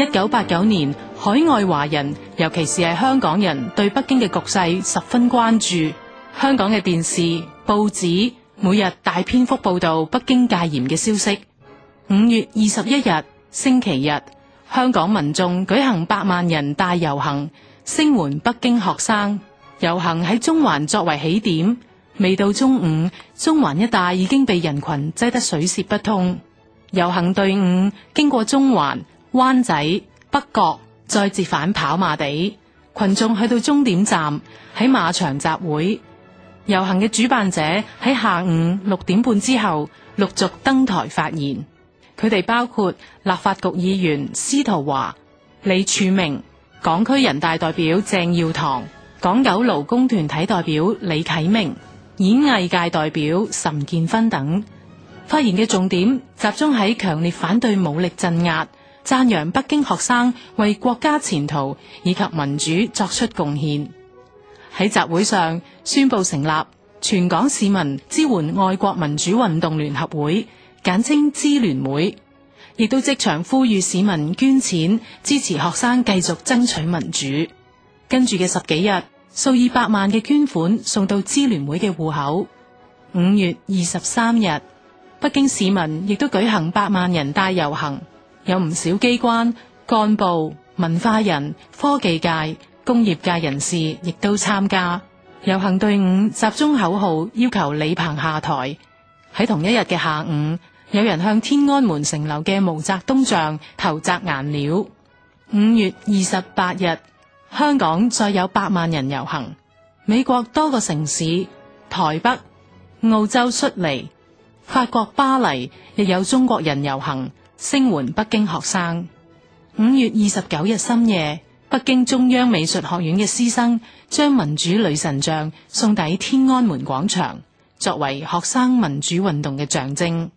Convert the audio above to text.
一九八九年，海外華人，尤其是係香港人，對北京嘅局勢十分關注。香港嘅電視、報紙每日大篇幅報道北京戒嚴嘅消息。五月二十一日星期日，香港民眾舉行百萬人大遊行，聲援北京學生。遊行喺中環作為起點，未到中午，中環一帶已經被人群擠得水泄不通。遊行隊伍經過中環。灣仔、北角再折返跑馬地，群眾去到終點站喺馬場集會。遊行嘅主辦者喺下午六點半之後陸續登台發言，佢哋包括立法局議員司徒華、李柱銘、港區人大代表鄭耀棠、港九勞工團體代表李啟明、演藝界代表岑建勳等。發言嘅重點集中喺強烈反對武力鎮壓。讚揚北京學生為國家前途以及民主作出貢獻。喺集會上宣布成立全港市民支援愛國民主運動聯合會，簡稱支聯會，亦都即場呼籲市民捐錢支持學生繼續爭取民主。跟住嘅十幾日，數以百萬嘅捐款送到支聯會嘅戶口。五月二十三日，北京市民亦都舉行百萬人大遊行。有唔少機關幹部、文化人、科技界、工業界人士亦都參加遊行隊伍，集中口號要求李鵬下台。喺同一日嘅下午，有人向天安門城樓嘅毛澤東像投擲顏料。五月二十八日，香港再有百萬人遊行。美國多個城市、台北、澳洲、悉尼、法國巴黎亦有中國人遊行。聲援北京學生。五月二十九日深夜，北京中央美術學院嘅師生將民主女神像送抵天安門廣場，作為學生民主運動嘅象徵。